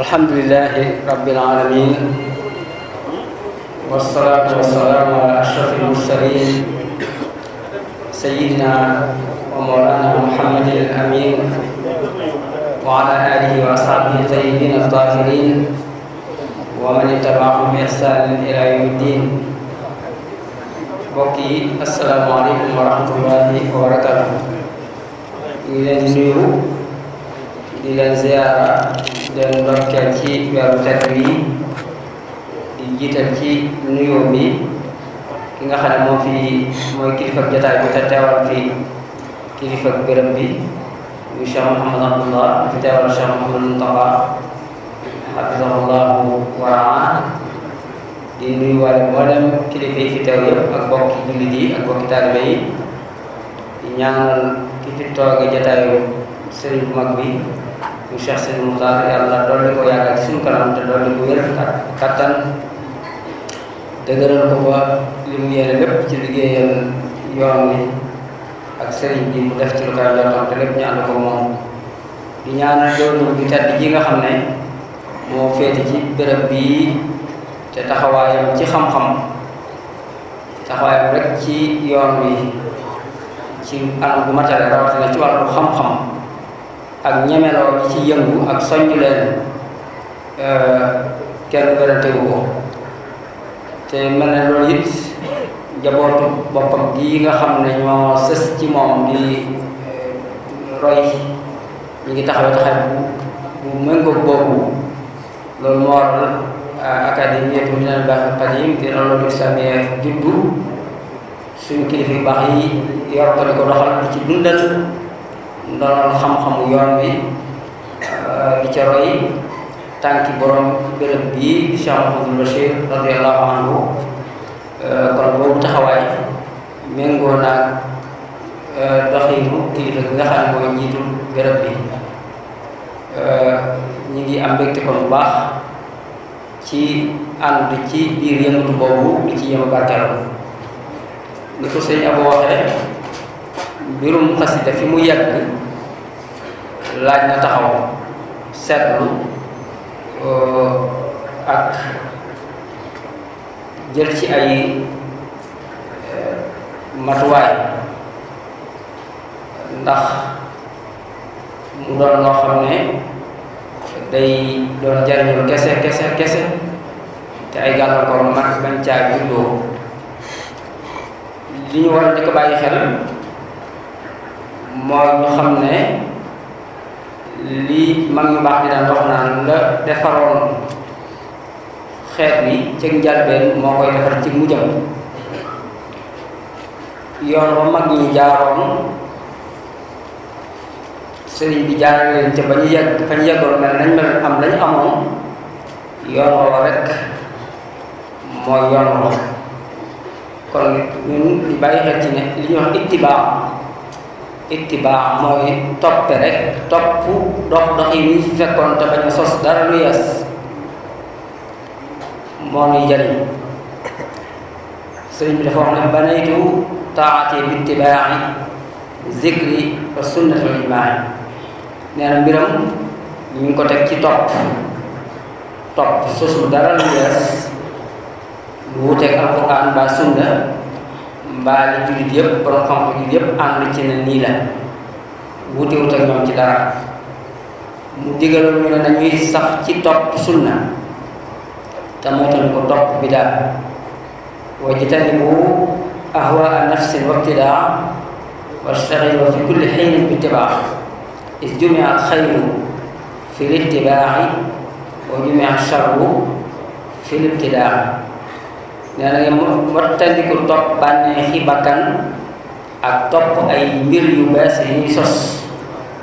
الحمد لله رب العالمين والصلاة والسلام على أشرف المرسلين سيدنا ومولانا محمد الأمين وعلى آله وأصحابه الطيبين الطاهرين ومن اتبعهم بإحسان إلى يوم الدين وكي السلام عليكم ورحمة الله وبركاته dengan dulu dengan ziarah dan berkaki bertakwi di ki nuyomi ki nga xamne mo fi moy kilifa jotaay bu teewal fi kilifa gërëm bi mu cheikh mohammed abdullah fi teewal cheikh mohammed muntaka hafizahullah wa ra'a di nuyu wala mboolem kilifa fi teew ak bokki ak bokki yi di ñaanal ki fi toogee jataayu sëriñ bu mag bi mu Cheikh Sëriñ Muxtaar yàlla ya ko yàgg ya, ak suñu kanam te doli ko yir ya, kattan dëgëral ko ba li mu yéene lépp ci liggéeyal yoon wi ak sëriñ di mu def ci lu koy njortam te lépp ñu ànd ko moom di ñaanal doonu gi tedd ji nga xam ne moo féete ci béréb bii te taxawaayam ci xam-xam taxawaayam rek ci yoon wi ci anam gu matale rawatina ci wàllu xam-xam ak ñemeloo bi ci yëngu ak soññ leen eh, kenn wérantewu ko te mel ne loolu it jabootu boppam gi nga xam ne ñoo sës ci moom di eh, roy ñu ngi taxawe taxaw bu bu mëngoog boobu loolu moo waral eh, académie bu minal baax qadim di loolu islamiyya juddu suñu kilifa yi yor ya, ko di ko doxal eh, eh, eh, di ci dundal ndonal xam-xamu yoon wi di ca roy tànki borom béréb bii Cheikh Mouhamadou Bachir radiallahu anhu kon boobu taxawaay méngoo naag doxiinu kilifa gi nga xam ne mooy njiitul bi ñu ngi am mbégte kon bu baax ci ci di ci yëma barkeelam ni ko sëñ Abou waxee birum khasida fi mu yegg laaj na taxaw seetlu euh, ak jël ci ay euh, matuwaay ndax mu doon loo xam ne day doon jariñu kese kese kese te ay gàllankoor mag bañ caa juddoo li ñu war di ko bàyyi xel mooy ñu xam ne lii mag ñu baax di daan wax naan la defaroon xeet bi ci njalbeen moo koy defar ci mujjam yoon ba mag ñi jaaroon sëriñ bi jaarale leen ca ba ñu yegg fa ñu yeggoon mel nañ mel am lañ amoon yoon woowa rek mooy yoon woowa kon ñun jine bàyyi xel ci ne li wax ittibaa ittiba mooy top rek top dox dox yi ñu fekkoon te bañ a sos dara lu yees ya. moo nuy jëriñ sëriñ bi dafa wax ne banaytu taati bi ittibaai zikri wa sunnati wal ijmaai nee mbiram ñu ko teg ci topp topp sosul dara lu yees ya. lu alquran ba sunna mbaa li jullit yëpp borom xam-xam jullit yëpp ànd ci ne nii la wutewut ak ñoom ci dara mu digaloon ñu ne nañuy sax ci topp sunna te moytan ko topp bidaa wa jitanibu ahwaa nafsin wa ibtidaa wastaxilu fi kulli xiin bi tibaax is jumia alxayru fi litibaaxi wa jumia alcharru fi libtidaa nena yang merta ku top bane hibakan atau ay mbir yu bees sos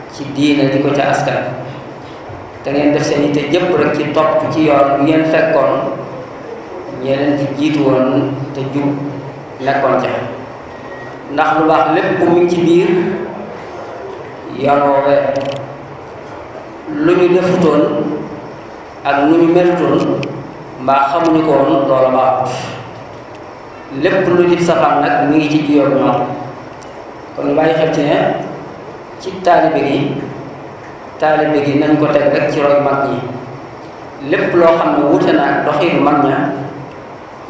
ci diine di ko ca askan da ngeen def seen yitte jëpp rek ci topp ci yoon bu ngeen fekkoon ñeneen ci jiitu woon te jub nekkoon ca ndax lu baax ba xamuñu ko woon loola ba lepp lu ci safan nak mi ngi ci jiyoog ñoom kon lu bàyyi xel ci ne ci taalibe gi talibé gi nañ ko tek rek ci roy mag yi lepp lo xamne wuté na ak doxiinu mag ña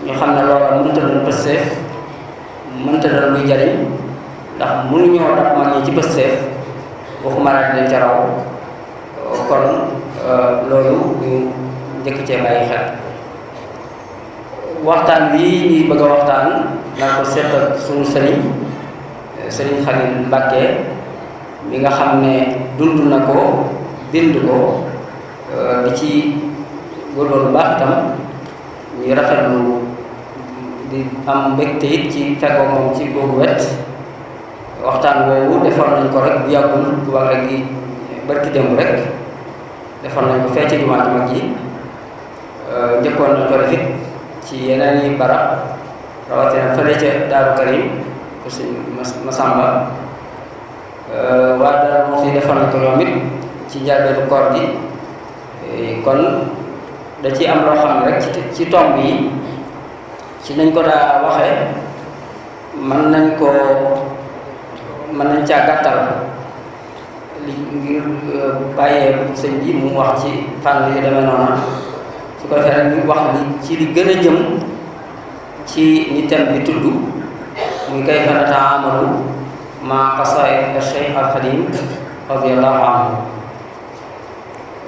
ñu xam ne loola mënta doon mu mënta doon muy jariñ ndax mu ñu ñoo dab mag ñi ci pësteef waxuma laa dina ci raw kon euh, loolu ñu jëk ci bàyyi xel waxtan bi ñuy bëgg waxtan na ko seq ak eh, suñu sëriñ sëriñ Xalil Mbàkke mi nga xamné dundu nako na ko eh, bind ko di ci góorgóorlu baax itam ñu rafetlu di am mbégte it ci fekkoo mom ci gogu wet waxtan woowu defal nañ ko rek bu yagul bu wax rek eh, barki dem rek defal nañ ko fecc ci jumaa mag yi euh jëkkon na ko rek ci yeneen yi barab rawatina fële ca Daaru Karim pour sëñ Masamba euh, waa Daaru Muxti defal na ko ñoom it ci njàlbeelu koor gi eh, kon da ci am loo xam ne rek ci ci tomb yi ci nañ ko daa waxee mën nañ koo mën nañ caa gàttal li ngir euh, bàyyee sëñ bi mu wax ci fànn yi demee noonu ko defee ñu wax li ci li gën a jëm ci ni thème bi tudd muy kayfa nataamalu maa qasaa'id Cheikh al Xadim radiyallahu anhu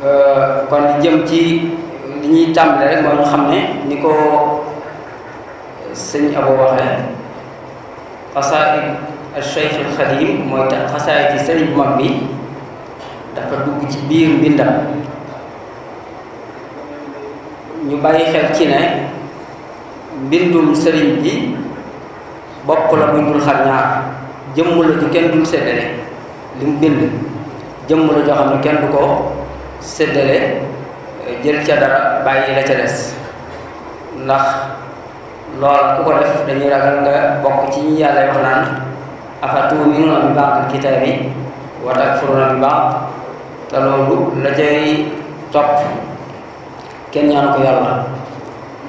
euh, kon li jëm ci li ñuy tàmbale rek moo ñu xam ne ni ko sëñ Abo waxee qasaa'id Cheikh al Xadim mooy tax qasaa'id ci sëriñ bu bi dafa dugg ci biir mbindam ñu bàyyi xel ci ne mbindum sëriñ bi bopp la bu ñu dul jëmm la ju kenn dul séddale li bind jëmm la joo xam ne kenn du ko séddale jël ca dara bàyyi la ca des ndax loola ku ko def dañuy ragal nga bokk ci ñi yàlla wax naan afatuminuuna bi ba'dil kitaabi wa takfuruuna bi ba'd te loolu la cay topp kenn ñaan ko yalla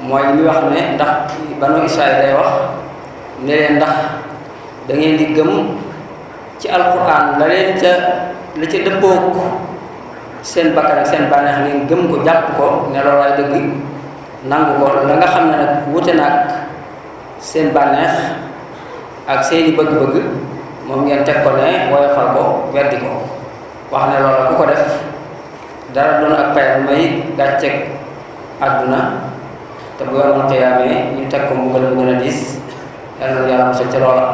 moy ñu wax ne ndax banu israël day wax ne len ndax da ngeen di gëm ci alquran la len ca la ci deppok sen bakkar ak sen banex ngeen gëm ko japp ko ne lo lay deug nang ko la nga xamne nak wuté nak sen banex bànneex ak seeni bëgg-bëgg moom ngeen tek ko ne way xal ko wéddi ko wax ne lo ku ko def dara doon ak pay may gàcceeg àdduna te bu yomal xiyaamee ñu teg ko mbugal mu gën a diis yàlla na yàlla mosal ca loola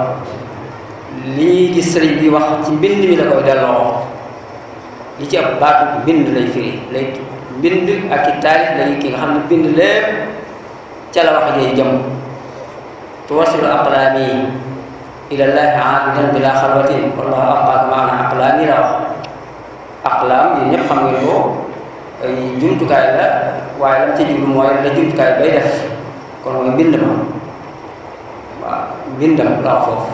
lii di sëriñ bi wax ci mbind mi la koy delloo li ci ab baatu mbind lay firi lay bind ak i taalif lay ki nga xam bind lépp ca la wax jay jëm tuwasilu aqlaami ilallahi aabidan bila xalwatin wallahu aqaak maana aqlaami la wax aqlaam yi ñëpp xam ngeen ko ay jumtukaay la waaye lam ca jublu mooy la jumtukaay bay kon mooy mbind ma la wax foofu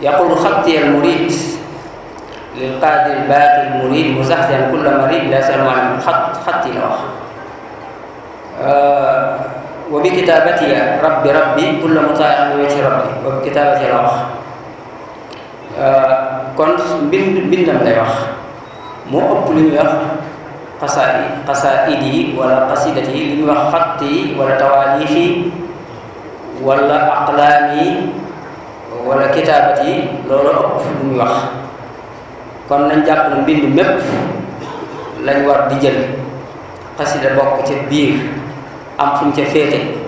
yaqulu xattiyal murid mu saxtan kulla marid la sanwan xat xatti la wax wa bi kitaabatiya rabbi rabbi kulla mutaaxin wa ci rabbi wa la wax kon mbind mbindam lay wax moo ëpp li ñuy qasaidi wala qasidati li khatti wala tawalihi wala aqlami wala kitabati lolo ëpp lu muy wax kon nañ japp ne bindu mepp lañ war di jël qasida bok ci biir am fuñ ci fété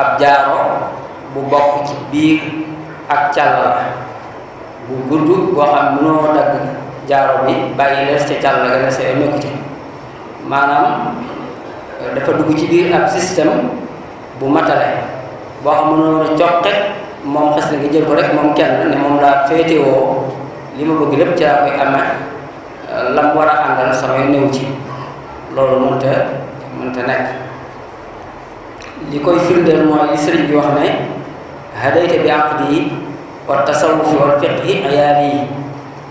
ab jaaro bu bok ci biir ak bu gudd xam mëno dagg jaaro bi bàyyi lees ca càll ga ne see nekku ci maanaam euh, dafa dugg ci biir ab système bu matale boo xam mënoon a coqe moom xes na nga jël ko rek moom kenn ne moom laa féetewoo li ma bëgg lépp ci laa koy amee euh, lam war a àndal samay néew ci loolu mënta mënta nekk li koy firndeel mooy li sëriñ bi wax ne hadayta bi aqdi wa tasawufi wal fiqhi ayaali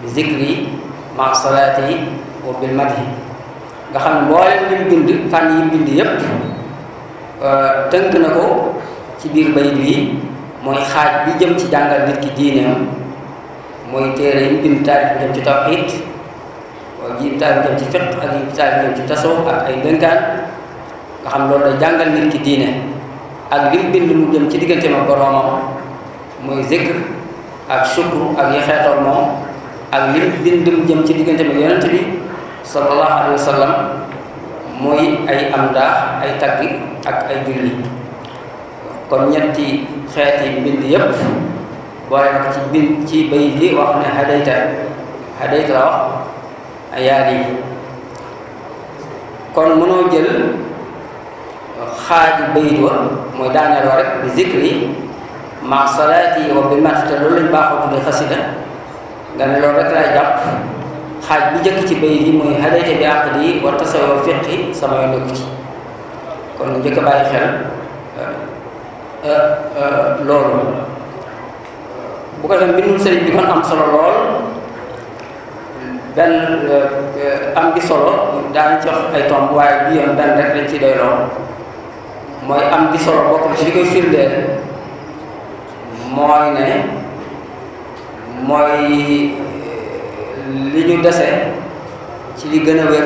bi zikri ma salaati wa bil madhi nga xam ne mboolem li bind fànn yi bind yépp euh, tënk na ko ci biir bayit yi mooy xaaj bi jëm ci jàngal nit ki diineem mooy téere yi mu bind taarif bi jëm ci tawxiid yi taarif jëm ci fiq ak yi taarif jëm ci tasawuf ak ay dënkaan nga xam loolu la jàngal nit ki diine ak li bind mu jëm ci digganteem ak boroomam mooy zikr ak sukkur ak yi ak lim lim bi jëm ci diggante bi yonent bi sallallahu alayhi wa sallam muy ay amdaax ay tagg ak ay julli kon ñetti xeeti mbind yépp waaye ci bind ci bay li wax ne hadayta hadayta la wax ayaali kon mënoo jël xaaju bayit wa mooy daaneel wa rek bi zikri ma salaati wa bi te loolu lañ baaxoo tudde xasida dana loolu rek laay jàpp xaaj bu njëkk ci bay bi muy hadayte bi àq yi war tasawoo fiqi sama yoon nekku ci kon nga njëkk a bàyyi xel euh, euh, euh, loolu bu ko defee mbindum sëriñ bi kon am solo lool benn am gi solo daan jox ay tomb waaye bi yoon benn rek ci doy lool mooy am gi solo bokk na ci li koy firndeel mooy ne mooy li ñu dese ci li gën a wér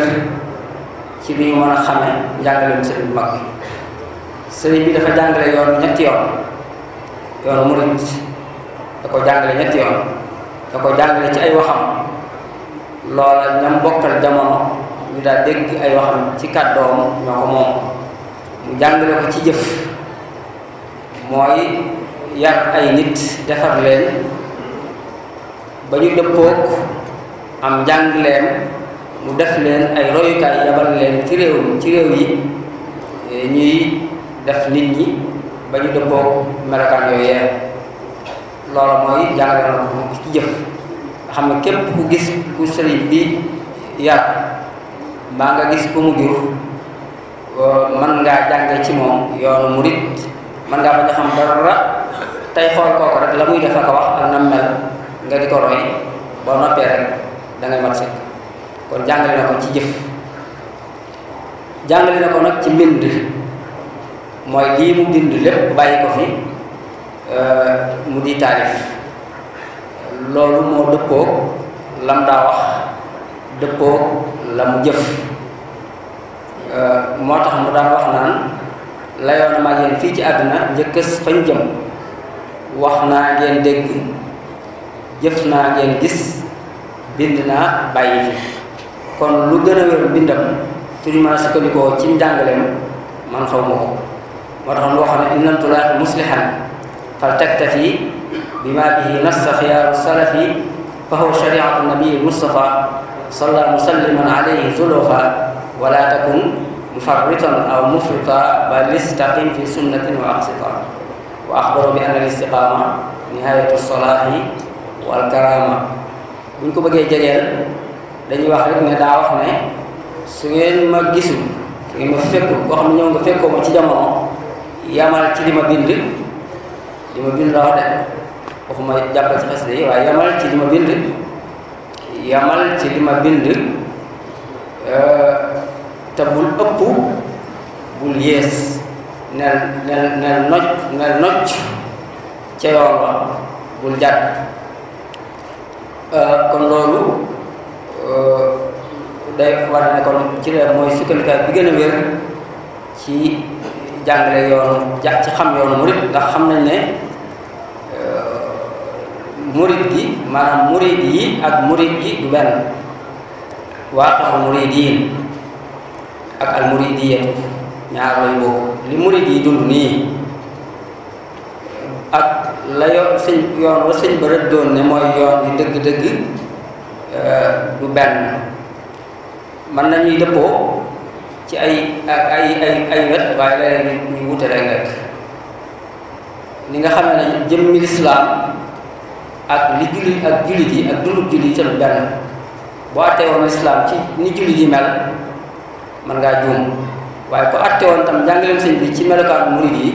ci li ñu mën a xamee njàngaleem sëriñ bu mag bi bi dafa jàngale yoonu ñetti yoon yoonu murit da ko jàngale ñetti yoon da ko jàngale ci ay waxam loola ñam bokkal jamono ñu daal dégg ay waxam ci kàddoom ñoo ko moom mu jàngale ko ci jëf mooy yar ay nit defar leen ba ñu dëppoog am njàng leen mu def leen ay royukaay yabal leen ci réew ci réew yi e, ñuy def nit ñi ba ñu dëppoog melokaan yooyee loolu mooy jàngale na ko ci jëf xam ne ku gis ku sëriñ bi yar mbaa nga gis ku mu jur man ngaa jànge ci moom yoonu murit man ngaa bañ a xam dara tey xool kooku rek la muy def ak wax ak nam mel jàngale na ko nag ci mbind mooy lii mu bind lépp bàyyi ko fi euh, mu di taalif loolu moo dëppoog lam daa wax dëppoog la mu jëf euh, moo tax mu daan wax naan layoon maa ngeen fii ci àddina njëkkës fañ jëm wax naa ngeen dégg jëf naa ngeen gis bind naa bàyyi fi kon lu gën a wér bindam turi mën a sukkandikoo ci njàngaleem man xaw ma ko moo taxoon waxoon ne in lam tulaaqi muslihan fal taktafi bima bihi nassa xiyaaru salafi fa huwa shariatu nabiyi mustafa صلى مسلما عليه زلفا ولا تكن مفرطا او مفرطا بل استقم في سنه واقسطا واخبروا بان الاستقامه نهايه الصلاح والكرامه بنكو بغي جيجل داني واخ رك نه دا واخ نه su ma gisul su ma fekk koo xam ñoo nga fekkoo ma ci jamono yamal ci lima bind li ma bind laa de waxuma jàppal ci xasida yi waaye yamal ci lima bind yamal ci lima ma bind te bul ëpp bul yees nel nel nel noj nel noj ca yoon wa bul jàdd eh, kon loolu day war a ne ci leer mooy sukkandikaay bi gën a wér ci jàngale yoonu ja ci xam yoonu murit ndax xam nañ ne euh, murit gi maanaam murit yi ak murit yi du benn waaqixul muridiin ak al muridiyatu ñaar lañ murit yi dund ak la yoon sëñ yoon wa sëñ ba rëddoon ne mooy yoon yi dëgg-dëgg euh, du benn man nañuy dëppoo ci ay ak ay ay ay waaye léeg-léeg ñu wutale wet li nga xam ne jëmmi lislaam ak ni julli ak jullit yi ak dundub jullit yi ca benn boo àttee woon lislaam ci ni jullit yi mel mën ngaa juum waaye ko àttee woon tam jàngaleem sëñ bi ci melokaanu murid yi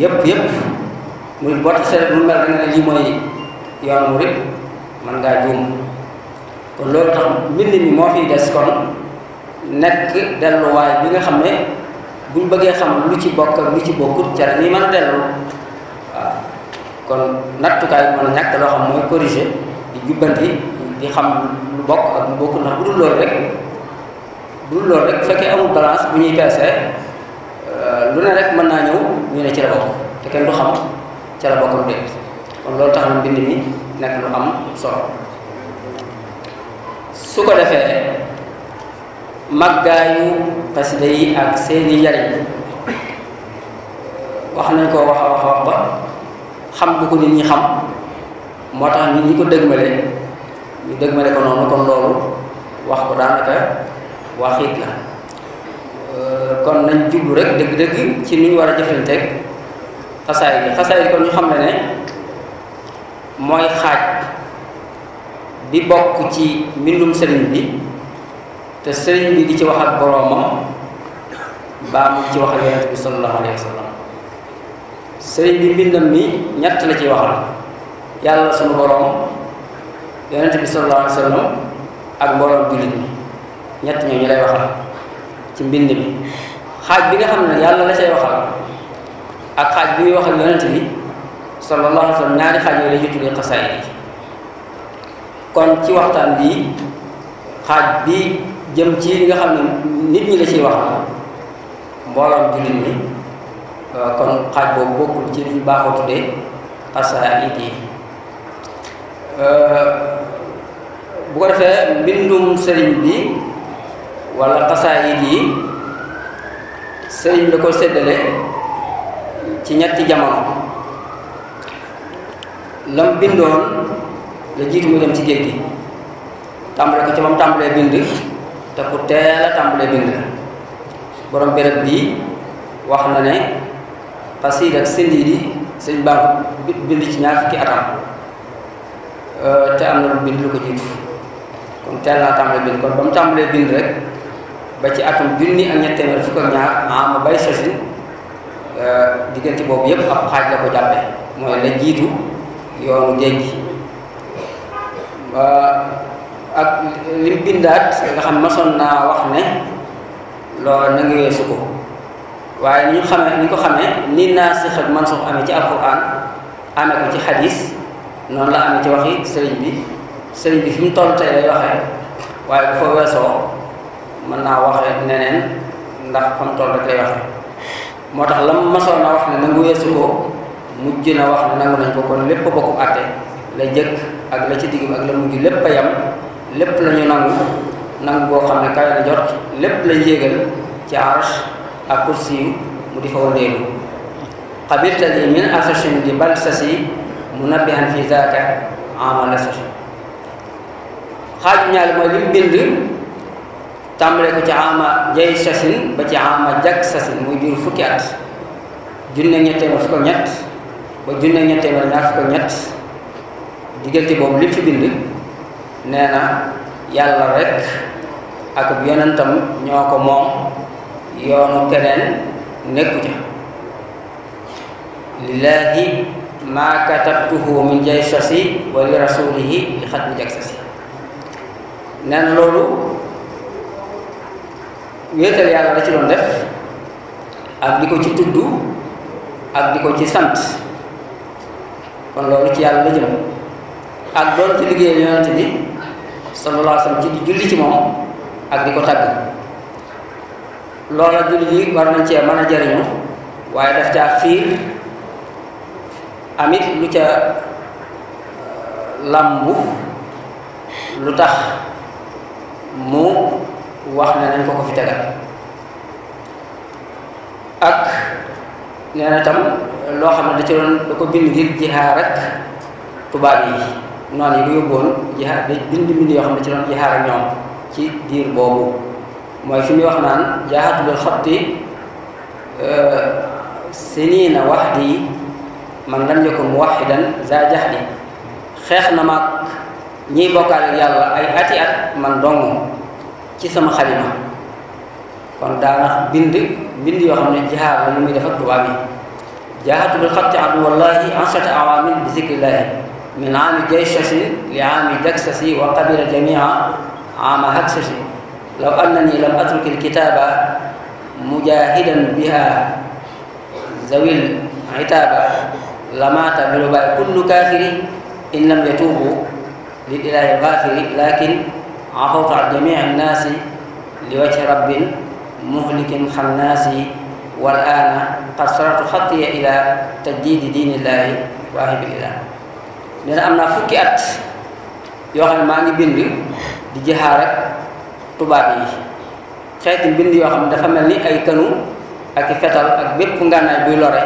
yëpp yëpp murid boo tasee lu mel da nga ne lii mooy yoon murid mën ngaa juum kon loolu tax mbind mi moo fiy des kon nekk delluwaay bi nga xam ne buñ bëggee xam lu ci bokk ak lu ci bokkut ca la nii mën a dellu waaw kon nattukaay bi mën loo xam mooy corriger di jubbanti di xam lu bokk ak lu bokkut ndax bu dul loolu rek bu dul loolu rek fekkee amul balance bu ñuy peesee euh, lu ne rek mën naa ñëw ñu ne ci la bokk te kenn du xam ca la bokkum déet kon loolu tax mbind mi nekk lu am solo su ko defee màggaayu xasida yi ak seeni njariñ wax nañ ko wax a wax wax ba xam bu ko nit ñi xam moo tax nit ñi ko dëgg dëgmale ñu dëgmale ko noonu kon loolu wax ko daanaka waxit la euh, kon nañ jublu rek dëgg-dëgg ci ni war a jëflanteeg xasaay bi xasaay bi kon ñu xam ne ne mooy xaaj bi bokk ci mbindum sëriñ bi te sëriñ bi di ci wax ak boroomam baa mu ci wax ak yonent bi sallallahu alayhi wa sëriñ bi mbindam mi ñett la ciy waxal yàlla sunu boroom yonent bi sallallahu ak boroom jullit mi ñett ñoo ñu lay waxal ci mbind mi xaaj bi nga xam ne yàlla la cay waxal ak xaaj bi muy waxal yonent bi sallallahu alayhi wa sallam ñaari xaaj yooyu lay jutulee xasaay yi kon ci waxtaan bi xaaj bi jëm ci nga xam ne nit ñi la ci wax mbooloom jullit ñi kon xaaj boobu bokkul ci li ñu baaxoo tuddee xasaayid yi bu ko defee mbindum sëriñ bi wala xasaayid yi sëriñ bi da ko séddale ci ñetti jamono lam bindoon la jiitu mu dem ci géej gi tàmbale ko ci moom tàmbalee bind te ku teel a tàmbalee borom béréb bii wax na ne xasiid ak sindi di sëñ bind ci ñaar fukki atam te am na lu bind lu ko jiitu kon teel naa tàmbalee bind kon ba mu tàmbalee bind rek ba ci atum junni ak ñett téeméer fukk ak ñaar ah ma bay sosin diggante boobu yépp ab xaaj la ko jàppe mooy la jiitu yoonu géej Euh, ak lim bindaat nga xam masoon naa wax ne loolu na nga weesu ko waaye ni ñu xamee ni ko xamee ni man ak mansuux amee ci alquran amee ko ci xadis noonu la amee ci waxi sëriñ bi sëriñ bi fi mu toll tey lay waxee waaye bu fa weesoo mën naa waxee neneen ndax fa mu toll rek waxee moo tax la mu masoon na wax ne nangu weesu ko mujj na wax ne nangu nañ ko kon lépp bokku àtte la jëkk ak la ci digg ak la mujj lépp a yam lépp la ñu nangu nangu boo xam ne kawe na jot lépp la yéegal ci arsh ak kursi mu di fa wëndeelu xabilta li min asashin di bal sasi munabbihan fi zaaka amal asasi xaaju ñaari mooy lim bind tàmbale ko ci ama jay sasin ba ci ama jag sasin muy jur fukki at junne ñetteelu fukk ko ñett ba junne ñetteelu ñaar fukk ko ñett ci boobu li fi bind nee na yàlla rek ak yonentam ñoo ko moom yoonu keneen nekku ca lillaahi maa katabtuhu min jaysasi wa li rasulihi li xatmi jagsasi nee na loolu wéetal yàlla la ci doon def ak di ko ci tudd ak di ko ci sant kon loolu ci yàlla la jëm ak doon ci liggéey yonente bi sallallahu alayhi wasallam ci julli ci moom ak di ko tàgg loola julli yi war nañ cee mën a jariñu waaye daf caa fiir amit lu ca lambu lu tax mu wax ne nañ ko ko fi tegal ak nee na tam loo xam ne da ci doon da ko bind ngir jihaar ak tubaab yi noonu lu yóbboon jihaar day bind bind yoo xam ne ci doon jihaar ñoom ci diir boobu mooy fi muy wax naan jaahatu bil xatti euh, siniina wahdi man lam yakun muwahidan za jahdi xeex na maag ñiy bokkaale ak yàlla ay ati at man dong ci sama xalima kon daana bind bind yoo xam ne jihaar la lu muy def ak tubaab yi jaahatu bil xatti adu wallahi ansata awamin bi zikrillahi من عام جيششي لعام دكسسي وقبل جميعا عام هكسسي لو أنني لم أترك الكتابة مجاهدا بها ذوي العتابة لمات برباء كل كافر إن لم يتوبوا للإله الغافر لكن عفوت عن جميع الناس لوجه رب مهلك خناس والآن قد صرت خطي إلى تجديد دين الله وأهب الإله nee am naa fukki at yoo xam ne maa ngi bind di jixaar ak tubaab yi xeeti mbind yoo xam ne dafa mel ni ay kanu ak i fetal ak bépp ngànnaay buy lore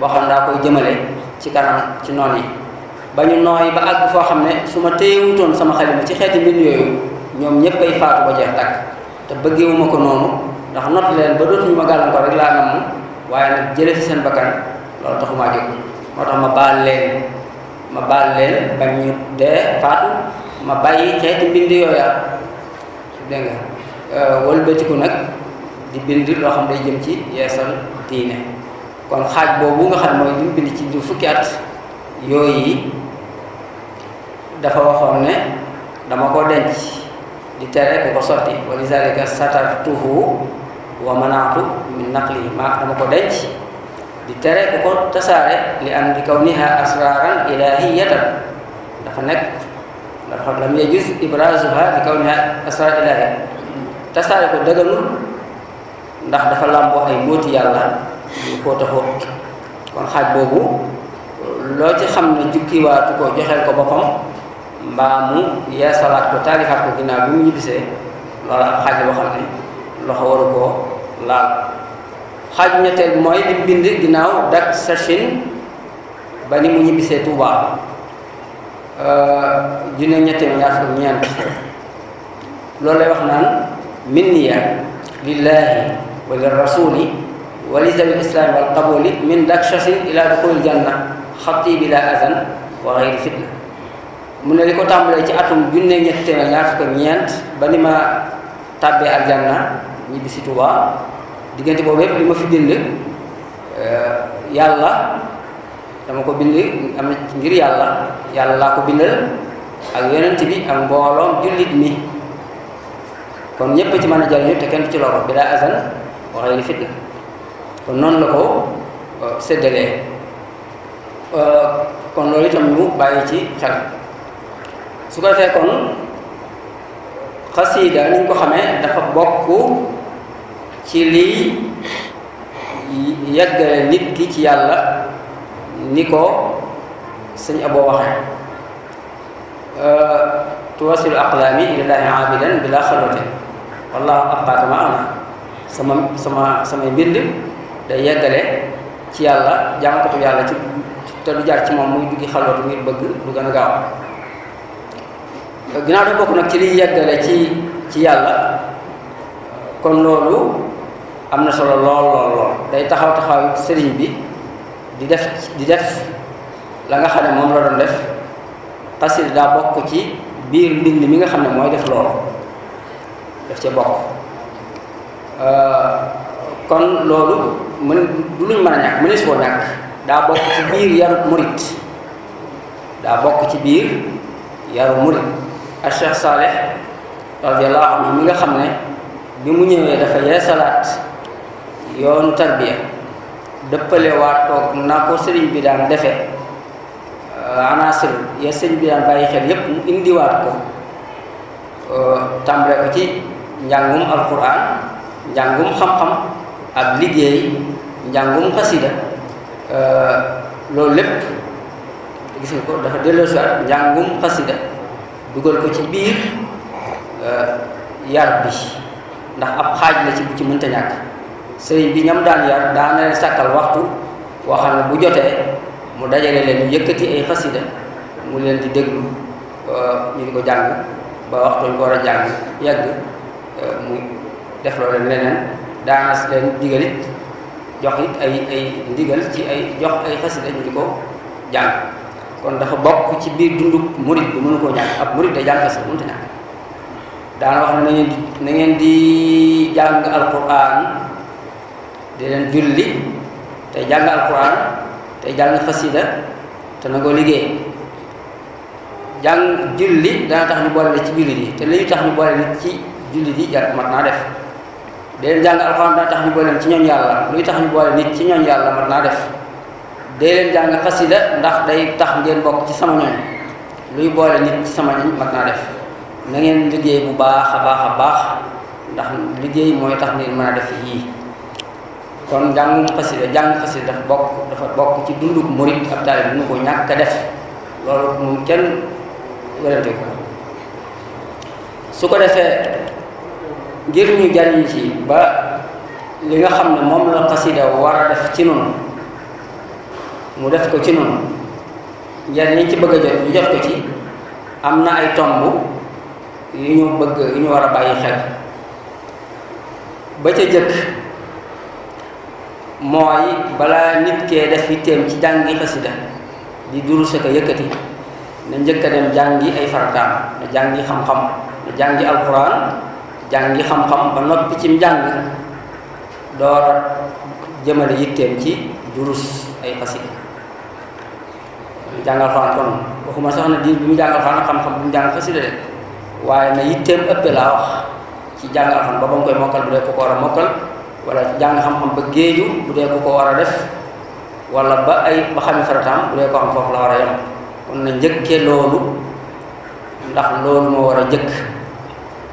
boo xam daa koy jëmale ci kanam ci noon yi ba ñu nooy ba àgg foo xam ne su ma téyewutoon sama xalima ci xeeti mbind yooyu ñoom ñépp ay faatu ba jeex takk te bëggewuma ko noonu ndax not leen ba dootuñu ma gàllankoor rek laa namm waaye nag jële ci seen bakkan loolu taxumaa jóg moo tax ma baal leen ma baal leen bañ dee faatu ma bàyyi xeeti mbind yooya dégg nga euh, wëlbatiku nag di bind loo xam day jëm ci yeesal diine kon xaaj boobu nga xam mooy li bind ci du fukki at yooyu dafa waxoon ne dama ko denc di tere ku ko sotti wa lizalika satartuhu wa manaatu min naqli maa dama ko denc di tere ku ko tasaare li am di kaw niha asraran ilahiyatan dafa nekk ndax xam lam yajuz ibrazuha di kaw niha asrar ilahiya tasaare ko dëgganul ndax dafa làmboo ay mbóoti yàlla yu xóota xóot kon xaaj boobu loo ci xam ne jukkiwaatu ko joxeel ko boppam mbaa mu yeesalaat ko taalifaat ko ginnaaw bi mu ñibbisee loolu ab xaaj boo xam ne loxo waru koo laal xaaju ñetteel bi mooy lim bind ginnaaw dak ba ni mu ñibbisee Tuuba euh, junne ñetteel ñaar fukk ñeent loolu wax naan minniya lillahi wa lirrasuli wa wal qabuli min dak sachin ila duxulil janna xatti bila azan wa xayri fitna mu ne li ko tàmbalee ci atum junne ñetteel ñaar fukk ñeent ba ni ma tàbbee aljanna ñibbisi Tuuba diggante boobu yëpp li ma fi bind euh, yàlla dama ko bind am na ngir yàlla yàlla laa ko bindal ak yonent bi ak mbooloom jullit mi kon ñépp ci mën a jariñu te kenn du ci loro bi daa azan waxee ni fitna kon noonu la ko euh, séddalee euh, kon loolu itam ñu bàyyi ci xel su ko defee kon xasiida ni ñu ko xamee dafa bokk ci liy yeggale nit ki ci yàlla ni ko sëñ aboo waxee euh, tuwasilu aqlaami ilallaahi aabidan bila xalwate wallahu abqaakama ana sama sama samay mbind day yeggale ci yàlla jàngkatu yàlla ci te du jaar ci moom muy duggi xalwatu ngir bëgg lu gën a gaaw ginnaaw da bokk nag ci liy yeggale ci ci yàlla kon loolu am na solo lool lool lool day taxaw taxaw sëriñ bi di def di def la nga xam ne moom la doon def xasida daa bokk ci biir mbind mi nga xam ne mooy def daf ca euh, kon loolu mën du luñ mën a ñàkk mënees koo ñàkk daa bokk ci biir yarut murit daa bokk ci biir yaru murit ak Cheikh Saleh radiallahu anhu mi nga xam bi mu ñëwee dafa yeesalaat yoonu tarbiya dëppale waa toog na ko sëriñ bi daal defe euh, anasir ya sëriñ bi daan bàyyi xel yépp mu indiwaat ko euh, tàmbale ko ci njàngum alquran njàngum xam-xam ak liggéey njàngum xasida euh, loolu lépp gis nga ko dafa delloo si at njàngum xasida dugal ko ci biir yar bi ndax ab xaaj la ci bu ci mënta ñàkk sëriñ bi ñam daan yar daana leen sakal waxtu woo xam bu jotee mu dajalé len yëkëti ay fasida mu len di euh ñu ko jang ba waxtu ñu ko war a euh, mu def loolu leneen daana len digalit jox it ay ay digal ci ay jox ay fasida ñu ko jang kon dafa bok ci dunduk murid bu mënu ko jang ab murid da jang xasida mënta na ngeen di na alquran di julli tay jàng alquran tay jàng xasida te nangoo liggéey jàng julli dana tax ñu boole ci julli di te li tax ñu boole ci julli di jar mat naa def dee leen jàng alquran daa tax ñu boole ci ñoom yàlla luy tax ñu boole nit ci ñoom yàlla mat naa def dee leen jàng xasida ndax day tax ngeen bokk ci sama ñoñ luy boole nit ci sama ñoñ mat naa def na ngeen liggéey bu baax a baax a baax ndax liggéey mooy tax ngeen mën a def yii kon jàngum xasida jàng xasida dafa bokk dafa bokk ci dunduk murit ab taali bu nu ko ñàkk a def loolu moom kenn wérante ko su ko defee ngir ñu jariñ ci ba li nga xam ne moom la xasida war a def ci noonu mu def ko ci noonu njariñ yi ci bëgg a jot ñu jot ko ci am na ay tomb yu ñu bëgg yu ñu war a bàyyi xel ba ca jëkk mooy balaa nit kee def yitteem ci jàngi xasida di durusa ko yëkkati na njëkk dem jàngi ay farataam na jàngi xam-xam na jàngi alquran jàngi xam-xam ba noppi ci njàng door a jëmale yitteem ci durus ay xasida jàngal alquran kon waxuma sax mu jàngal alquran bu mu jàngal xasida de waaye na yitteem ëppee laa wax ci jàngal alquran ba ba mu koy mokkal bu dee ko ko war a mokkal wala jàng xam-xam ba géeju bu dee ku ko war a def wala ba ay ba xami farataam bu dee ko xam foofu la war a yem kon na njëkke loolu ndax loolu moo war a njëkk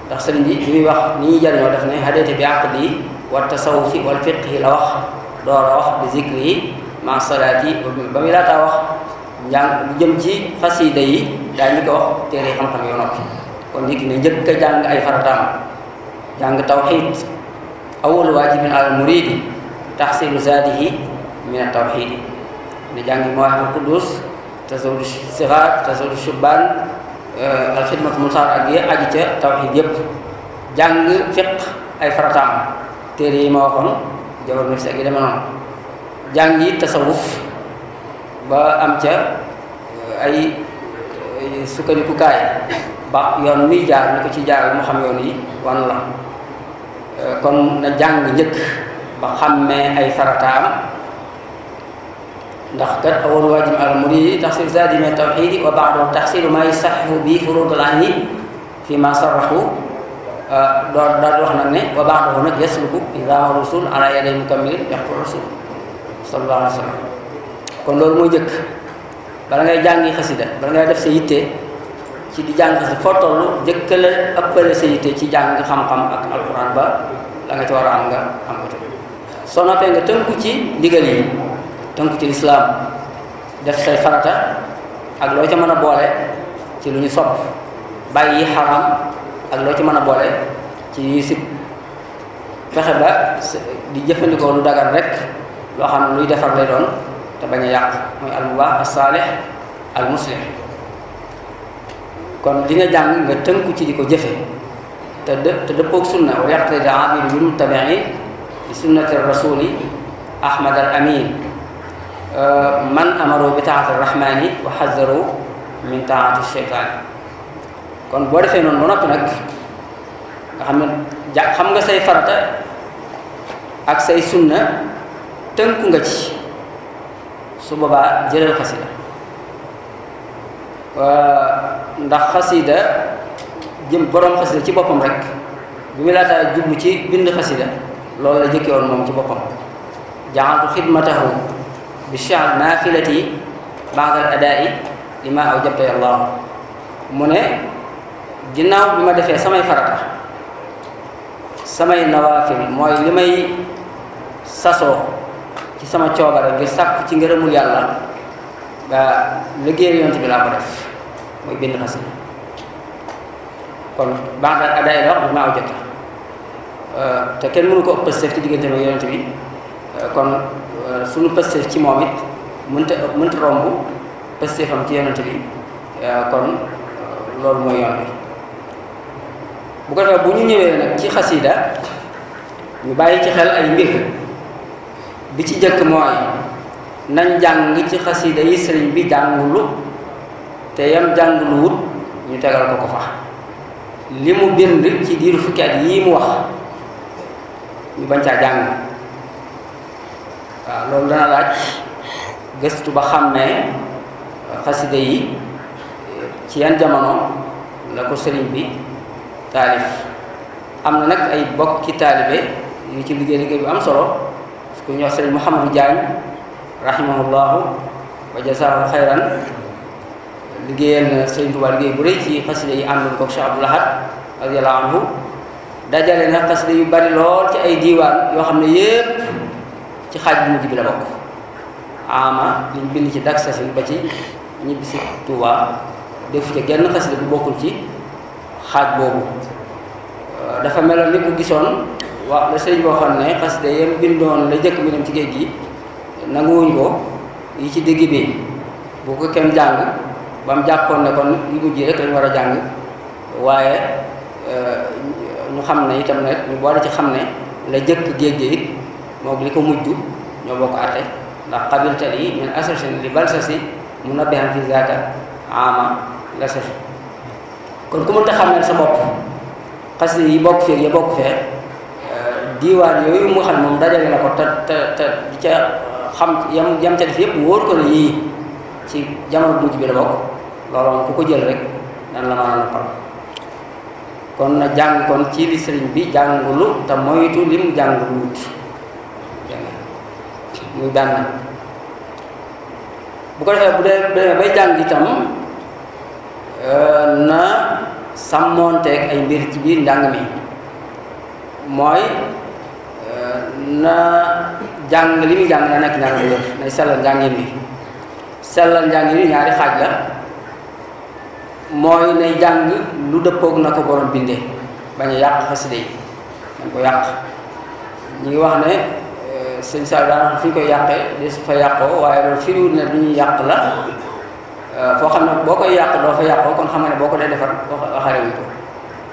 ndax sëriñ bi li muy wax ni ñuy jariñoo def ne xadeete bi àqli yi wa tasawufi wal fiqhi la wax door a wax bi zikri yi ma salaat yi ba muy laataa wax njàng lu jëm ci xasida yi daa ñu ko wax téere xam-xam yoo noppi kon nit ki njëkk jàng ay farataam jàng tawxiid awal wajibin al muridi taksi zadihi min eh, ah, tauhid ne jangi mawahul kudus tasawud sigar tasawud syubban al khidmat musar agi agi aji ca tauhid yépp jang fiq ay faratam téré yi ma waxon jawal mi segi dama jangi tasawuf ba am ca eh, ay eh, suka kaay ba yoon mi jaar ni ko ci jaar mu xam yi Euh, kon na jàng njëkk ba xàmmee ay farataam ndax kat awal waajib al muridi taxsil zaadi min tawxidi wa baado taxsilu ma yusaxihu bi furudul ayni fi ma sarraxu euh, doo daal di wax nag ne wa baado nag yasluku idaama rusul ala yaday mukammilin yaxfu rusul sallallahu wa sallam kon loolu mooy njëkk bala ngay jàngi xasida bala ngay def sa ci di jàng si foo toll jëkkale ëppale sa yitte ci jàng xam-xam ak alxuraan ba la nga ci war a am nga am ko ci soo noppee nga tënku ci ndigal yi tënku ci lislaam def say farata ak loo ci mën a boole ci lu ñu sopp bàyyi yi xaram ak loo ci mën a boole ci yu sib fexe ba di jëfandikoo lu dagan rek loo xam ne luy defar lay doon te bañ a yàq mooy al mubaax as saalix al kon li nga jàng nga tënku ci di ko jëfe te dë te dëppoog sunna wala yaqtadi abiru yu muttabi'i bi sunnati rasuli ahmad al amin man amaro bi taati rahmani wa hazaru min taati sheytaani kon boo defee noonu ba noppi nag nga xam ne nga say farata ak say sunna tënku nga ci su boobaa jëlal xasida ndax xasida jëm borom xasida ci boppam rek bi mu laataa jublu ci bind xasida loolu la jëkke woon moom ci boppam jaxaltu xidmatahu bi sha'r naafilati ba'da al adaa'i li ma aw jabtay allah mu ne ginnaaw bi ma defee samay farata samay nawaafil mooy li may sasoo ci sama coobare ngir sàkk ci ngërëmul yàlla ba liggéeyal yonent bi ko def muy bind xasida kon baax na day la wax maa aw jota te kenn mënu ko ëpp pëstef ci diggante ma yonent bi kon suñu pëstef ci moom it mënta mënta romb pëstefam ci yonent bi kon loolu mooy yoon bu ko defee bu ñu ñëwee nag ci xasida ñu bàyyi ci xel ay mbir bi ci jëkk mooy nañ jàng ci xasida yi sëriñ bi jàngulu te yam lu wut ñu tégal ko ko fa limu mu bind ci diru fukkat yi mu wax ñu bañ caa jàng waaw loolu dana laaj gëstu ba xam ne euh, yi euh, ci yan jamono la ko sëriñ bi talif am nak ay bok ki talibé ñu ci liggéey liggéey bu am solo ku ñu wax sëriñ Mouhamadou jang rahimahullahu wa jazahu khairan liggéeyal na sëñ Tuubaa liggéey bu rëy ci xasida yi àndoon koog Cheikh Abdou Lahad radiyallahu anhu dajale na xasida yu bari lool ci ay diiwaan yoo xam ne yépp ci xaaj bu mujj bi la bokk ama liñ bind ci daksasin ba ci ñibbisi Tuubaa def ci genn xasida bu bokkul ci xaaj boobu euh, dafa meloon ni ko gisoon waaw la sëriñ boo xam ne xasida yam bindoon la jëkk bi dem ci géej gi nanguwuñ ko yi ci digg bi bu ko kenn jàng ba mu jàppoon ne kon yu mujj rek lañ war a jàng waaye euh, ñu xam ne itam ne ñu boole ci xam ne la jëkk géej gi it moom li ko mujj ñoo bokk àtte ndax xabiltal yi min assosin li balsa si mun a beexam fi zaaka ama la sasi kon ku mënta xam ne sa bopp xas yi bokk fee ya bokk fee euh, diwaan yooyu mu xam moom dajale na ko te te di ca xam yam yam ca def yëpp wóor ko ne yii ci jamono mujj bi la bokk lorong moom ku jël rek dana la mën a kon na jàng kon ci li sëriñ bi jàngulu te moytu lim jàngulu wut muy bukan bu ko defee bu dee bay itam eh, na sàmmoonteeg ay mbir ci bir jang mi moy eh, na jang limi jang na nekk na bu wér nyari sellal mooy nay jàng lu dëppoog na ko borom bindee bañ a yàq xasida yi dañ ko yàq ñu ngi wax ne euh, sëñ Saal daanaka fi ñu koy yàqee de su fa yàqoo waaye loolu firiwul ne du yàq la euh, foo xam ne boo koy yàq doo fa yàqoo kon xam nga ne boo ko dee defar waxaale wuñ ko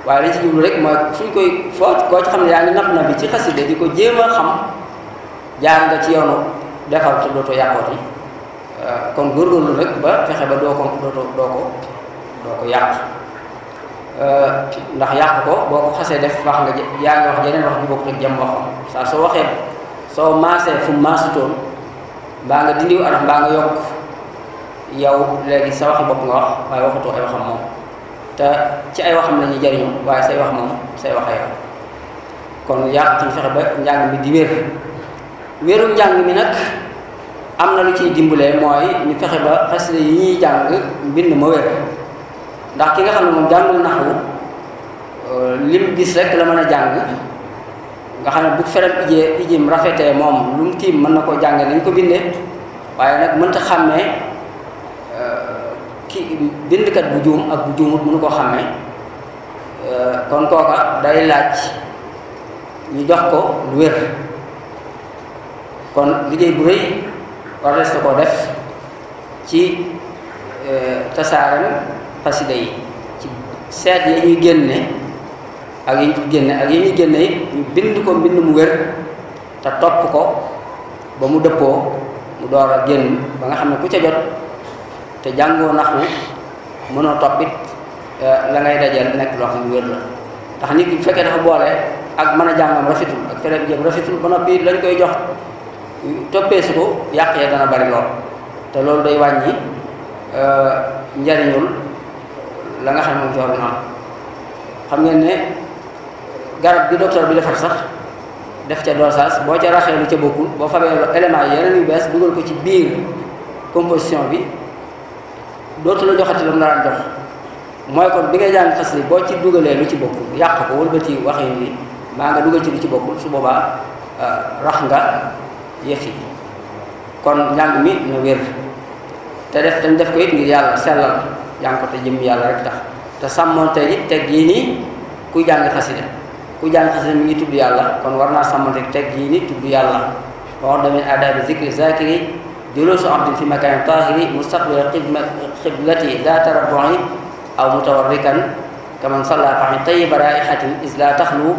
waaye ci jublu rek mooy fu ñu koy na bi ci xasida di ko jéem xam jaar nga ci yoonu defar te dootoo euh, kon góorgóorlu rek ba fexe ba doo ko dootoo doo ko doo ko yàq ndax yàq ko boo ko xasee def wax nga yaa ngi wax jeneen wax ju bokkut ak jëm waxoon saa soo waxee soo maasee fu maasutoon nga dindiw araf mbaa nga yokk yow léegi sa waxi bopp nga wax waaye waxatoo ay waxam moom te ci ay waxam la ñuy jariñoo waaye say wax moom say waxee yow kon yàq ci fexe ba njàng mi di wér wéru njàng mi nag am na lu ciy dimbalee mooy ñu fexe ba xasida yi ñuy jàng mbind ma wér ndax ki nga xam ne moom jàngul naxwu euh, lim gis rek la mën a jàng nga xam ne bu feram ijee ijim rafetee moom lu mu tiim mën na koo jànge nañ ko bindee waaye nag mënta xàmmee euh, ki bindkat bu juum ak bu juumut mënu koo xàmmee euh, kon kooka day laaj ñu jox ko lu wér kon liggéey bu rëy war des koo def ci tasaaram xasida yi ci set yi ya ñuy génne ak yi ya ñu génne ak yi ya ñuy génne it ñu bind ko bind mu wér te topp ko ba mu dëppoo mu door a génn ba nga xam ne ku ca jot te jàngoo nax mënoo toppit eh, la ngay dajal nekk loo xam ne wér la ndax nit ki fekkee dafa boole ak mën a jàngam rafetul ak fereb jëm rafetul ba noppi lañ koy jox toppee ko yàq ya dana bari lool te loolu day wàññi eh, njariñul la nga xam ne moom ci war xam ngeen ne garab bi docteur bi defar sax def ca dosage boo ca raxee lu ca bokkul boo fabee élément yeneen yu bees dugal ko ci biir composition bi dootu la joxati la mu daan jox mooy kon bi ngay jàng xas ni boo ci dugalee lu ci bokkul yàq ko wëlbati wax wi maa nga dugal ci lu ci bokkul su boobaa euh, rax nga yëf yi kon njàng mi na wér te def dañ def ko it ngir yàlla sellal yaa ngi ko te jëm yàlla rek tax te sàmmonte it teg yii nii kuy jàng xasida ku jàng xasida mi ngi tudd yàlla kon war naa sàmmonte teg yii nii tudd yàlla wax damin adabi zikri zakiri julusu abdin fi makaani tahiri mustaqbila qiblati zata rabbi aw mutawarrikan kaman salla faxin tayyiba raihatin is la taxlu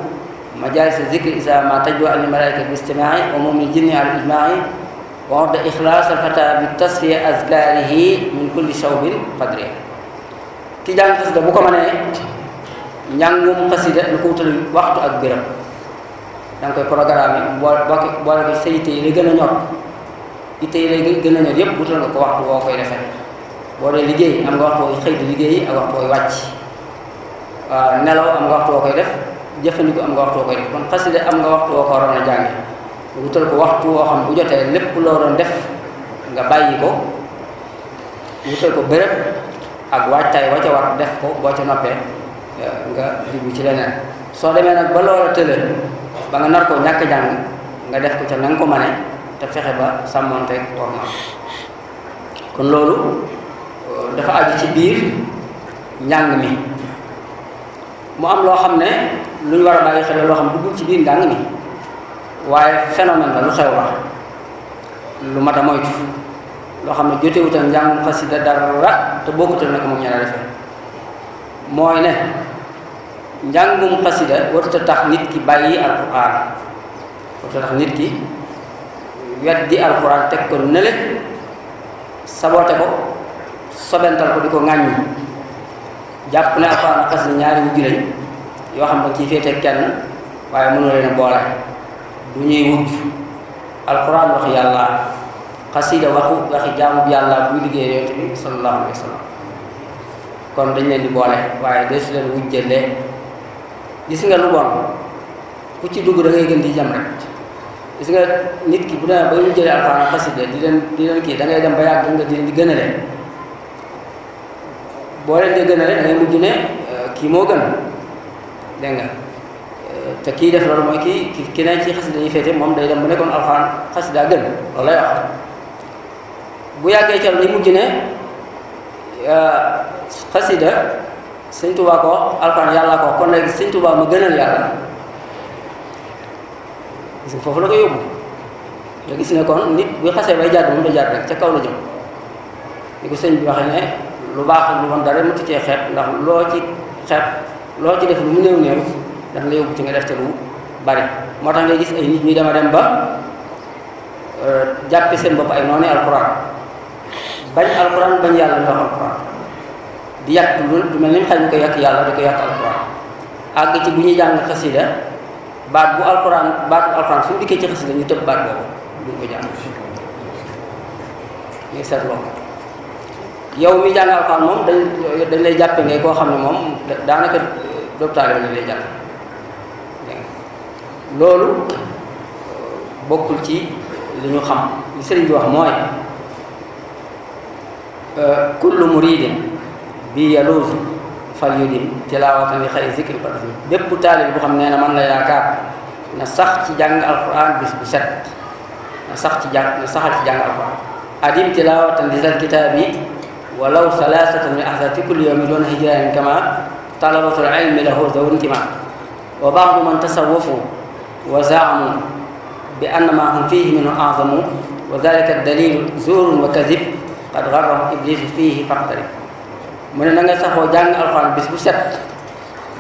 majalis zikri isa ma tajwa al malaika bi istimai wa mumil jinni al ijmai wax da ixlaas al fata bi tasfiya azkarihi min kulli shawbin fadri ki jàng xasida bu ko mënee njàngum xasida lu ko wutale waxtu ak biram da koy programme yi boo boo ko sa yi lay gën a ñor yitte yi lay gën a ñor ko waxtu boo koy defee boo dee liggéey am nga waxtu booy xëy di liggéey ak waxtu booy wàcc waaw nelaw am nga waxtu boo koy def jëfandiku am nga waxtu boo koy def kon xasida am nga waxtu boo ko waroon a jànge wutal ko waxtu woo xam bu jotee lépp loo doon def nga bàyyi ko wutal ko béréb ak waajtaay wa ca war def ko boo ca noppee eh, nga jublu ci leneen soo demee nag ba loola tële ba nga nar ko ñàkk jàng nga def ko ca na nga ko mane te fexe ba sàmmoonte orma kon loolu eh, dafa aju ci biir njàng mi mu am loo xam ne lu ñu war a bàyyi xel loo xam duggul ci biir njàng mi waaye phénomène la lu xew la lu mat a moytu loo xam ne jotewut ak njàngum xasida dara te bokkutal nag moom ñaari defee mooy ne njàngum xasida warut a tax nit ki bàyyi alquran warut a tax nit ki weddi alquran teg ko nële saboote ko sobental ko di ko ŋàññi jàpp ne alquran ak xasida ñaari wujj lañ yoo xam ne ciy féete kenn waaye mënoo leen a du ñuy wujj alquran wax yàlla xasida waxu waxi jaamu yàlla buy liggéey yonent bi sallallahu alayhi wa sallam kon dañ leen di boole waaye dee su leen wujjalee gis nga lu bon ku ci dugg da gën di jam rek gis nga nit ki bu demee ba wujjalee alxuraan xasida di leen di leen kii da ngay dem ba yàgg nga di leen di gënale boo leen dee gënale da euh, kii moo gën dégg nga euh, te kii def loolu mooy kii kii ki ne ci xasida yi féete moom day dem bu nekkoon alxuraan xasida gën loolu lay bu yàggee ca li mujj ne euh, xasida sëñ Tuubaa ko alxuraan yàlla ko kon léegi sëñ Tuubaa ma gënal yàlla gis foofu la ko yóbbu nga gis ne kon nit bu xasee bay jàdd moom da jàdd rek ca kaw lu jëm ni ko sëñ bi waxee ne lu baax lu bon dara mu ci cee ndax loo ci xeeb loo ci def lu mu néew néew daf la yóbbu ci nga def ca lu bari moo tax ngay gis ay nit ñuy dema dem ba euh, jàppe seen bopp ay noonu alxuraan bañ alquran bañ yàlla ñu wax di yàq lu mel ni xel ñu ko yàq yàlla di ko yàq alquran àgg ci bu ñuy jàng xasida baat bu alquran baat bu alquran suñu dikkee ci xasida ñu tëb baat boobu duñ ko jàng ñu seet loolu yow mi jàng alquran moom dañ dañ lay jàppe ngay koo xam ne moom daanaka doptaale lañ lay jàpp loolu bokkul ci li ñu xam li sëriñ bi wax mooy كل مريد بيلوز فليدين تلاوة لخير ذكر القرآن بيب طالب بخم نينا من لا يعكاب نسخ تجنج القرآن بس بسد نسخ تجنج نسخ تجنج القرآن أديم تلاوة لذات الكتاب ولو ثلاثة من أحزاتي كل يوم دون هجاء كما طلبة العلم له ذو انتماء وبعض من تصوفوا وزعموا بأن ما هم فيه منه أعظم وذلك الدليل زور وكذب qad garrahum iblisu fiihi faqtarib mu ne na nga saxoo jàng alxuraan bis bu set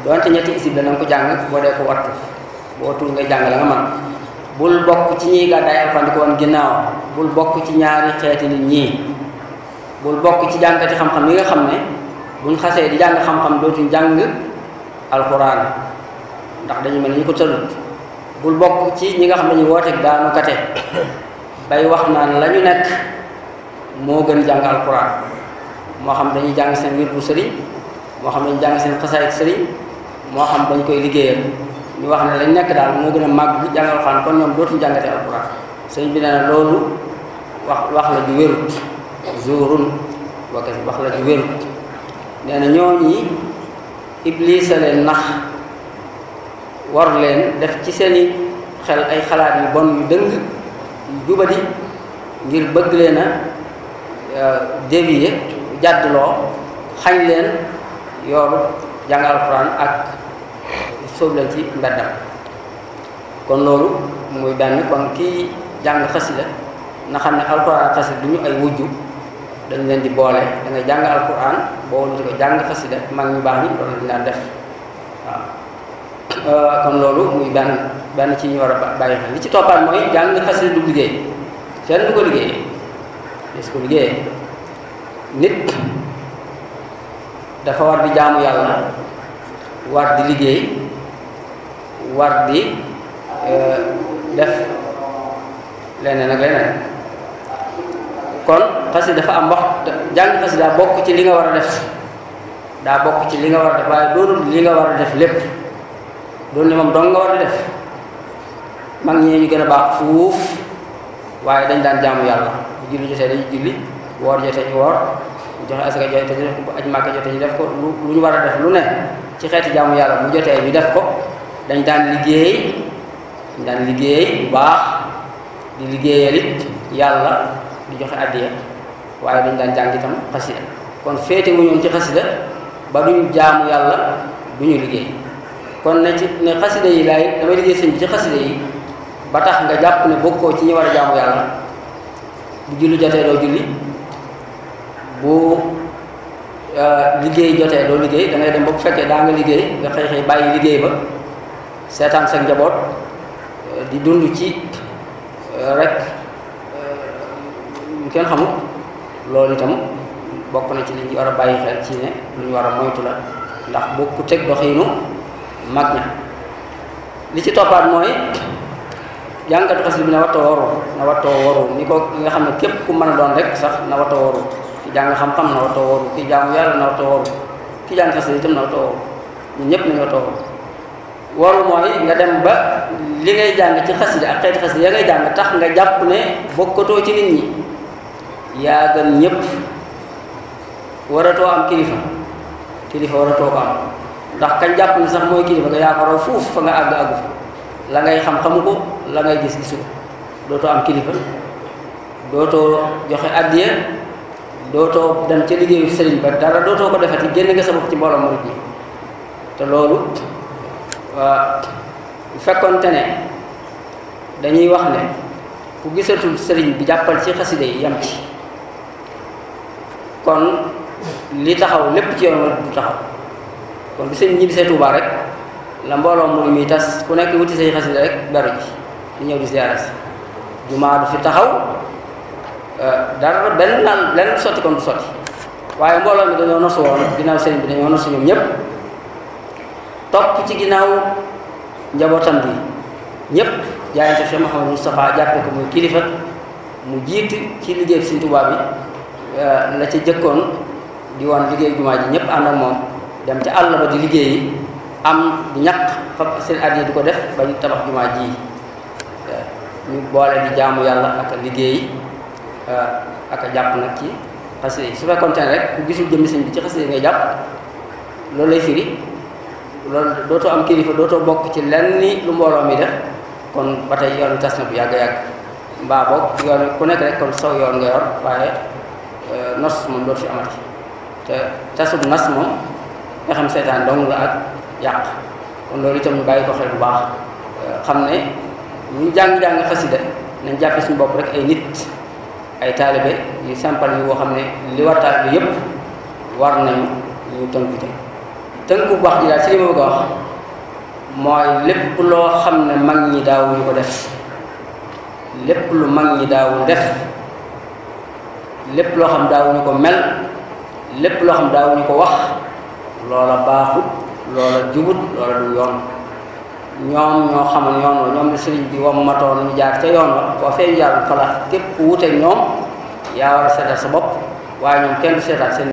doonte ñetti isib la ko jàng boo dee ko wattu boo tuur ngay jàng la nga man bul bokk ci ñiy gàddaay alxuraan di ko woon ginnaaw bul bokk ci ñaari xeeti nit ñii bul bokk ci jàngkati xam-xam yi nga xam ne buñ xasee di jàng xam-xam dootuñ jàng alxuraan ndax dañu mel ni ñu ko tëlut bul bokk ci ñi nga xam ne ñu wooteeg daanu kate bay wax naan la nekk moo gën jàng alquran moo xam dañuy jàng seen wird bu sëriñ moo xam dañuy jàng seen xasaayit sëriñ moo xam dañ koy liggéeyal ñu wax ne lañ nekk daal moo gën a màgg bi jàng alquran kon ñoom dootuñu jàngatee alquran sëriñ bi nee loolu wax wax la ju wérut zuurun wax la ju wérut nee na ñooñi iblis leen nax war leen def ci seeni xel ay xalaat yu bon yu dëng yu jubadi ngir bëgg leen a Euh, dévier jàddloo xañ leen yoonu jàngal alxuraan ak sóob leen ci mbeddam kon loolu muy benn kon kii jàng xasida na xam ne alxuraan ak xasida du ñu ay wujju dañ leen di boole dangay ngay jàng alxuraan boo di ko jàng xasida mag ñu baax ñi loolu lañ daan def waaw euh, kon loolu muy benn benn ci ñu war a bàyyi xel li ci toppaat mooy jàng xasida du liggéey kenn du ko liggéey des ko liggéeyee nit dafa war di jaamu yàlla war di liggéey war di euh, def leneen ak leneen kon xasida dafa am waxtu jàng xasida daa bokk ci li nga war a def daa bokk ci li nga war a def waaye doonul li nga war a def lépp doon ne moom doon nga war a def mag ñee ñu gën a baax fuuf waaye dañ daan jaamu yàlla julli jotee dañuy julli woor jotee ñu woor joxe asaka jotee te ñu def ko aj màkka jotee ñu def ko lu lu ñu war a def lu ne ci xeeti jaamu yàlla mu jotee bi def ko dañ daan liggéey dañ liggéey bu baax di liggéeyal it yàlla di joxe addiya waaye dañ daan jàng itam xasida kon féete wu ñoon ci xasida ba duñ jaamu yàlla du ñu liggéey kon ne ci ne xasida yi laay damay liggéey sëñ bi ci xasida yi ba tax nga jàpp ne bokkoo ci ñi war a jaamu yàlla bu julli jotee doo julli bu euh, liggéey jotee doo liggéey da ngay dem ba bu fekkee daa nga liggéey nga xëy xëy bàyyi liggéey ba seetaan sa njaboot euh, di dund ci euh, rek kenn xamul loolu itam bokk na ci li war a bàyyi xel ci ne lu ñu war a moytu la ndax bokku teg doxiinu mag ña li ci toppaat mooy jànkat xasida bi na wato woro na wato woro ni ko nga xamne kep ku mën don rek sax na wato woro ki jang xam-xam na wato woro ki jang yàlla na wato woro ki jang xasida tam na wato waru ni ñëpp ni wattoo waru waru mooy nga dem ba li ngay jang ci xasida ak xeeti xasida ya ngay jang tax nga japp ne bokkoto ci nit ñi yaa gën ñëpp waratoo am kilifa kilifa waratoo ko am ndax kan japp ni sax moy kilifa nga ya ko ro fuuf fa nga ag ag fa la ngay xam xamu ko la ngay gis gisu ko dootoo am kilifa dootoo joxe addiya dootoo dem ca liggéeyu sëriñ ba dara dootoo ko defati génn nga sa bopp ci mbooloo murit yi te loolu waa bu fekkonte ne dañuy wax ne ku gisatul sëriñ bi jàppal ci xaside yi yam ci kon li taxaw lépp ci yoon wa du taxaw kon bi sëriñ ñibbisee Tuubaa rek la mbooloo mu muy tas ku nekk wuti say xasida rek beru ji di ñëw di ziyaara si jumaa du fi taxaw euh, dara benn naan lenn sotti kon du sotti waaye mbooloo mi dañoo nosu woon ginnaaw sëriñ bi dañoo nosu ñoom ñépp topp ci ginnaaw njabootam bi ñépp jaayante mu Mouhamadou Moustapha jàppe ko muy kilifa mu jiit ci liggéey bi Sëriñ euh, bi la ci jëkkoon di woon liggéey jumaa ji ñépp ànd ak moom dem ci àll ba di liggéey am ñak fa seen adi diko def bañ tabax juma ji ñu boole di jaamu yalla ak a liggéey ak japp nak ci parce que su fekkon ne rek ku gisul jëm sëñ bi ci xasse ngay japp loolu lay firi loolu doto am kilifa doto bok ci lenn lu mboro mi def kon batay tey yoon tas na bu yàgg-yàgg mbaa boog yoon ku nek rek kon saw yoon nga yor waye e, nos mom do fi amati te tasub nas mom nga xam setan dong la ak yàq kon loolu itam ñu ko xel eh, bu baax xam ne ñu jàng jàng xasida nañ jàppe suñu bopp rek ay nit ay taalibe yu sampal yu woo xam ne li war taalibe yépp war nañu ñu tënku te tënku wax ji daal ci wax mooy lépp loo xam mag ñi daawuñu ko def lépp lu mag ñi daawul def lépp loo xam daawuñu ko mel lépp loo xam daawuñu ko wax loola baaxut loola jubut loola du yoon ñoom ñoo xamoon yoon wa ñoom li sëriñ bi matoon mu jaar ca yoon wa boo fee jaar fala képp ku wute ñoom yaa war a seetal sa bopp waaye ñoom kenn du seen